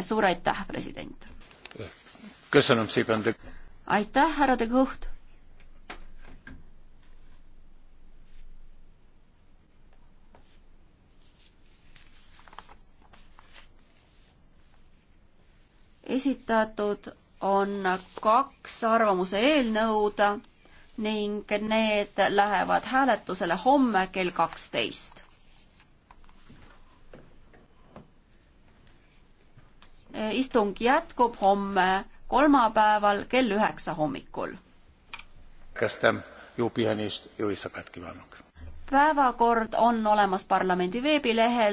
suur aitäh, president! aitäh, härra de Gucht! esitatud on kaks arvamuse eelnõud ning need lähevad hääletusele homme kell kaksteist Eh, istung jätkub homme kolmapäeval kell üheksa hommikul. päevakord on olemas parlamendi veebilehel.